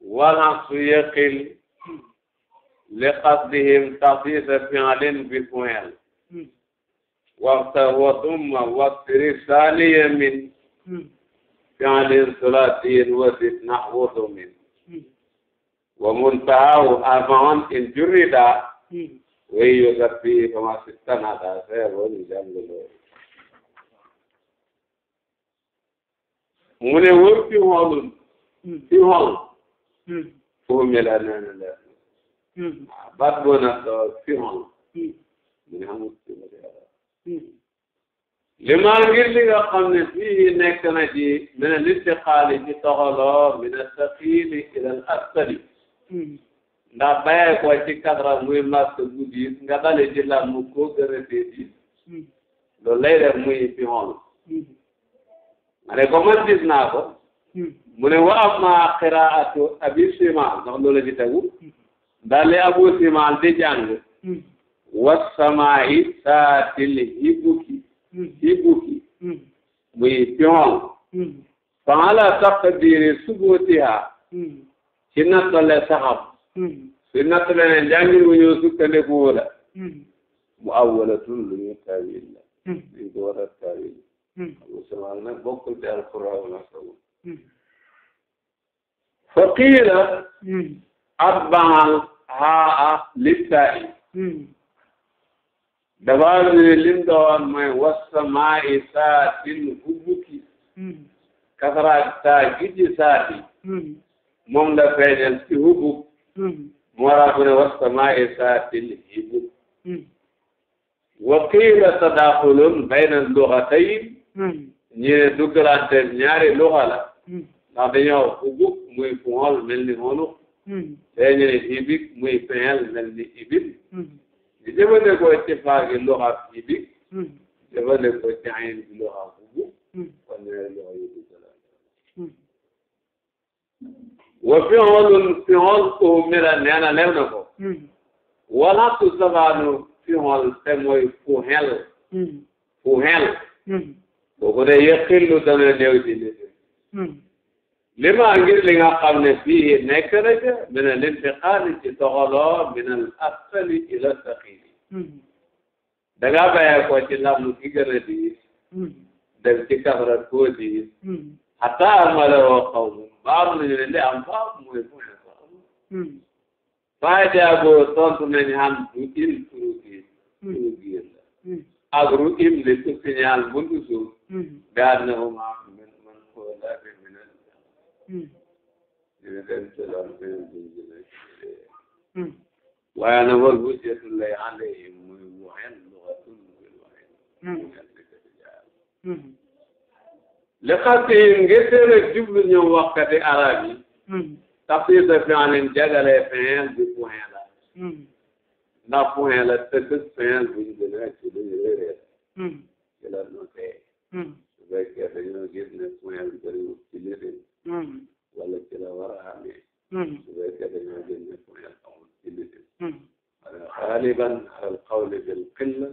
wala su yaqil li qasdihim taxsiisa fi'lin bi fi'l waxta wa thumma waqtiri saaniya min fi'lin sulaasiyin wa zid naxwu thumin wa muntahahu arba'un in jurida wey yoga fi fama sittanaɗa seebo ni jannguloo mu ne wurti hoolum ci moom foo mel nee na leer hmm. baat boo na doo ci moom mu ne amul ci ma yàlla hmm. li maa ngir li nga xam ne fii nekk na ci mene littiqaali ci toxaloo mina saqiili ilal asfali hmm. ndax bayee ko ci kadra muy mas gu diis nga dale ci lam mu koo gën a tee diis loolu lay def muy fi xool ma ne ko man gis naa ko mu ne wa amma qiraatu abi simaal ndax loolu la ci tegu daal abu simaal di jàng wasamaayi saatil hibuki hibuki muy pion fa ala taqdiri subutiha ci nattale saxam su nattale ne njàngin wu ñëw sukkandiku la mu awwalatun lu ñu tawil la ñu ko war a tawil abu simaal nag faqiila hmm. atbaan haa littaay hmm. dafa ne lim doon mooy wasamaa'i saatin hubuki hmm. kasaraat saa gijji moom la feeñal ci hubuk moo tax mu ne wasamaa'i saatin hibuk waqiila tadaaxulun bayna luxatayn ñee duggalante ñaari luxa la hmm. ndax dañoo ubuk muy fuol mel ni honu te hmm. ñee ibik muy feel mel ni ibik hmm. di jëfandikoo ci faagi luxa ibik jëfandikoo ci ayin bi luxa ubuk kon ñaari luxa yu duggalante wa fiolun fiol umira nee na lew na ko wala tu sabaanu fiol te mooy fuhel fuhel boo ko dee yëqillu dana néew ci nit ñi hmm. ma ngir li nga ne fii nekk na ca min al intiqaali ci toxaloo min al asfali ila saqiili hmm. da nga bàyyee ko ci ndam gi gën a diis hmm. dem ci kafrat koo diis hatta amale woo xaw mu baam nañu ne li am baam mooy mu ne baam faa jaaboo tontu nañu xam du il turu giir turu giir la ak ru im li ku signal buntu suuf daal na mu maa man man koo laajee mu ne la. dem ci loolu benn benn benn. waaye nag war bu jeexul lay alee muy waxeen luxatul muy waxeen. li xasee ngir teel a jublu ñoom waxkati arab yi. tafsir da fi anin jagale fin bi point la. ndax point la te dëkk fin buñ gën a ci lu ñu réeréer. ci la notee. Hmm. su fekkee dañoo gis ne point bi bëriwul ci lirin wala ci la war hmm. hmm. a amee su fekkee dañoo gis ne point amul ci lirin wala xaaliban al qawli bil qilla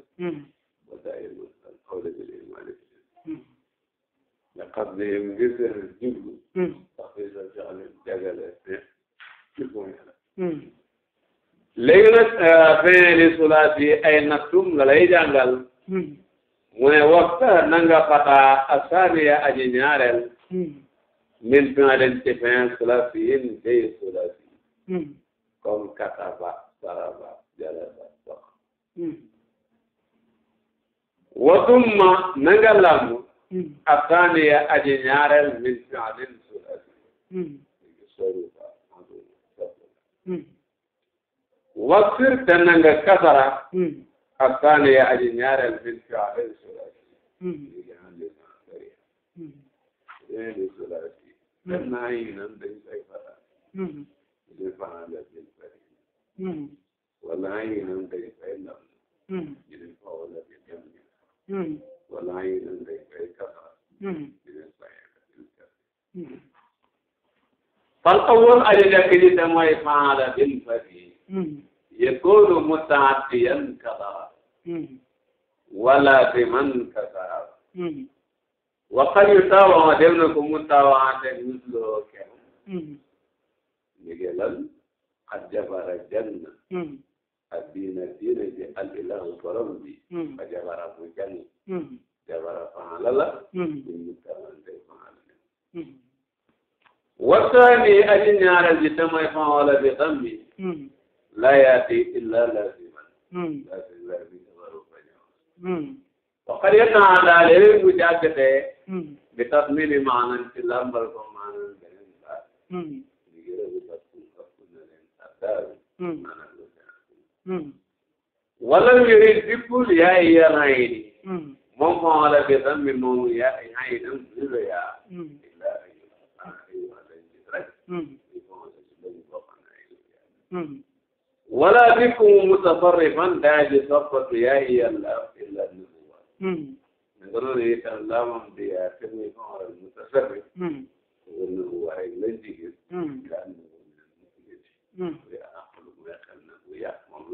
wa daiman al qawli bil imani laqad bihim ngir seen jublu sax fi sa jaxle jagale ne ci point la li sulaat yi ay nattum mu ne waxtaan na nga fataa asaaniya aji hmm. min fi ma leen ci fin sulasi yin day sulasi. Hmm. comme kataba saraba jalaba sax. Hmm. watumma na nga lamb. asaaniya aji ñaareel min fi ma leen sulasi. waxir te na nga kasara. الثانية aji ñaareel min fi'li sulaasi fi'li sulaasi naa yi nan dañ koy faral di faala bil bari wala yi nan dañ koy lam di faala bil jami wala yi nan dañ koy kasra di faala bil kasri fal awwal aji njëkk ji te mooy faala bil bari yakunu mutaaddiyan kasra wala bi man kasara hmm. waqad yutawa ma dem na ko mu tawa te misloo kenn ndigalal hmm. qad jabara janna hmm. ak diina diina ji al ilahu borom bi fa jabara bu janna jabara faala la min mutamante faala la wasaani aji ñaareel ji damay faala bi dammi la yaati illa laziman lazim wax dëgg yàlla daal léeg bu jàggatee. bi tas mi ni maanaam ci làmbal ko maanaam beneen baat. liggéey bu tas bu tas bu ne leen bi tam mi moom yaa yi ay nam du la yaa. illa ay ay wala ji rek. li wala bikum mutafarrifan daa ji soppatu yaa iya laam illa nubuwa ne ko noonu itam laamam di la jigéen daa nubu ne nubu ya mu yaqal na bu yàq moom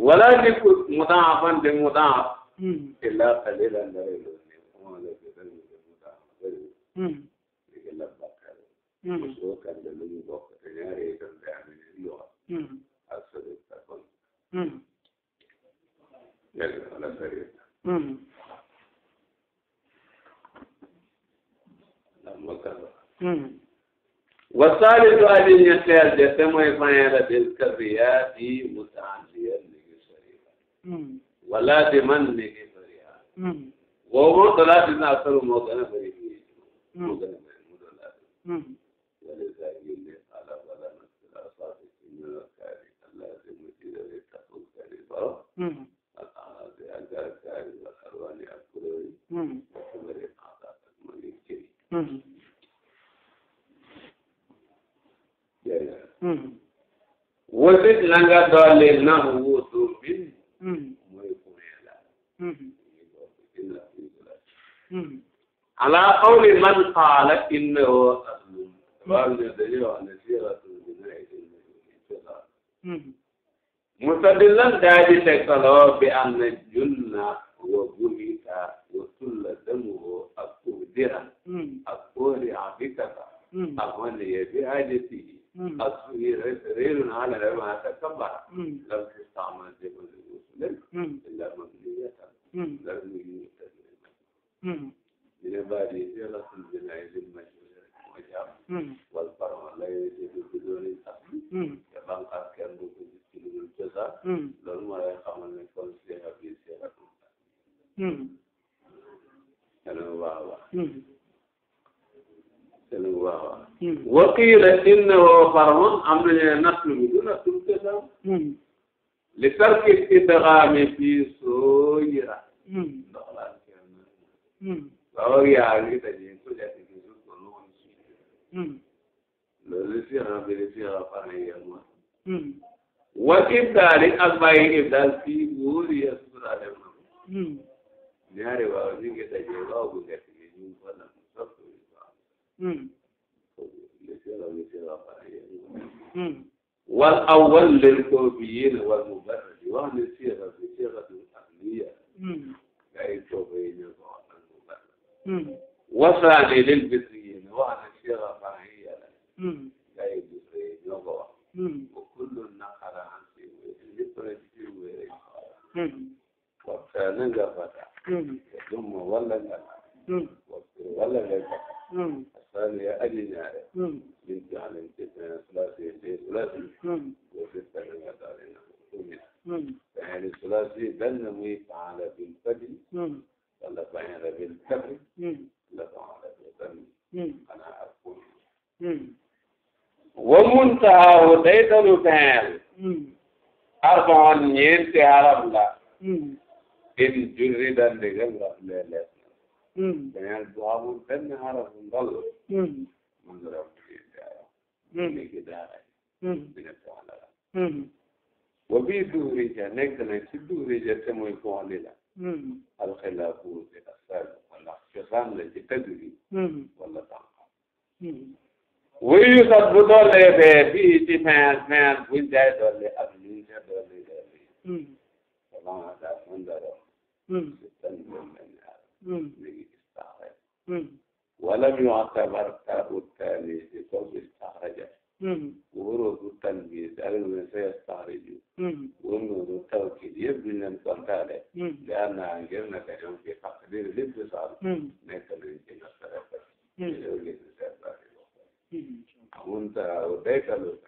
lool di mutaaf illa qalilan dara lu digal hmm. ak bàkkaar soo hmm. kànga lu ñu bokk te ñaari itam day am ne luwa hmm. ak sori ak bon dégg nga wala sori wasaalisu aji ñetteel de te mooy fayin la del kabiyaat yi mutaandiyan ni ngi soriya wala di man ni ngi soriya woowu moom salaati naa sori moo gën a bëri moo hmm. hmm. gën hmm. a mel mu doon laaj. wala saa ngi ne ala wala na la saa fi ci ñu la kaari ala si mu ci la li taxul kaari baro. al ala si agar kaari la arwani ak kuréel yi. ak su bëri ala ak ma ngi cëri. jërëjëf. wasit na nga dolli nahu ala qawli man qaala innahu aslun waaw ñun dañuy wax ne fii rasul mustadillan daa di tegtaloo bi am na junna wa buhita wa sulla damuhu ak uhdira ak óori abikata ak waniye bi hajatihi ak suyi reerun ala ma takabbara lam tustamal sëñ waawa. sëñ waawa. waqiila innahu farmun am nañu ne nattu bi du nattu bi dara. Hmm. li tarki idgaami fi soojira. Hmm. ndox laa kenn. Hmm. waaw yaa ngi daje ko jàpp ci suuf ba mu woon si. loolu si xanaa bi si xanaa fan yi yàgg ma. wa ibdaali ak bàyyi ibdaal fii buur yasura dem na. ñaari waaw ñu ngi daje waaw bu nekk yi ñu ngi fa nag soppi yu baax. wal awwal lil kawfiyin wal mubarrad wax ne siira bi siiratu asliya. Hmm. ngay kawfi yi ñu ko wax al mubarrad. Hmm. wasaani lil bisriyin wax ne siira farhiya la. Hmm. ngay bisri yi ñu ko wax. wa kullu naqara an si wéer lépp rek si wéer yi. waxtaan nga fata. Hmm. dumma walla ngana hmm. waktu walla lekka hmm. asali ya aji ñaare min jaalin ci sen sulasi ye te sulasi wo fi tane nga dalina tumina faheli sulasi benn muy faala bil fadi walla faala bil kafri walla faala bil dami ana akun wa muntahaahu day dalu fahel arbon ñeenti arab la in jurri daan digal wax lees na dañaan bu amul benn xaraf ndol man dara mu fi daara léegi daara dina soxla la wa bii duuri ja nekk na ci duuri ja te mooy foxli la alxilaafu bi asal wala cosaan la ci tëgg bi wala tànqam wuyu sat bu doolee bee fii ci fin fin buñ jaay doole ak liñ ca doole doole wala nga daa mën dara ولم يعتبر تاء التانيث قد استخرجت وروض التنبيه على من سيستخرج ونور التوكيد يبدو ان تنتهي لانها غير نتائج في تقدير الاتصال نتائج في نفس الوقت أنت أوديك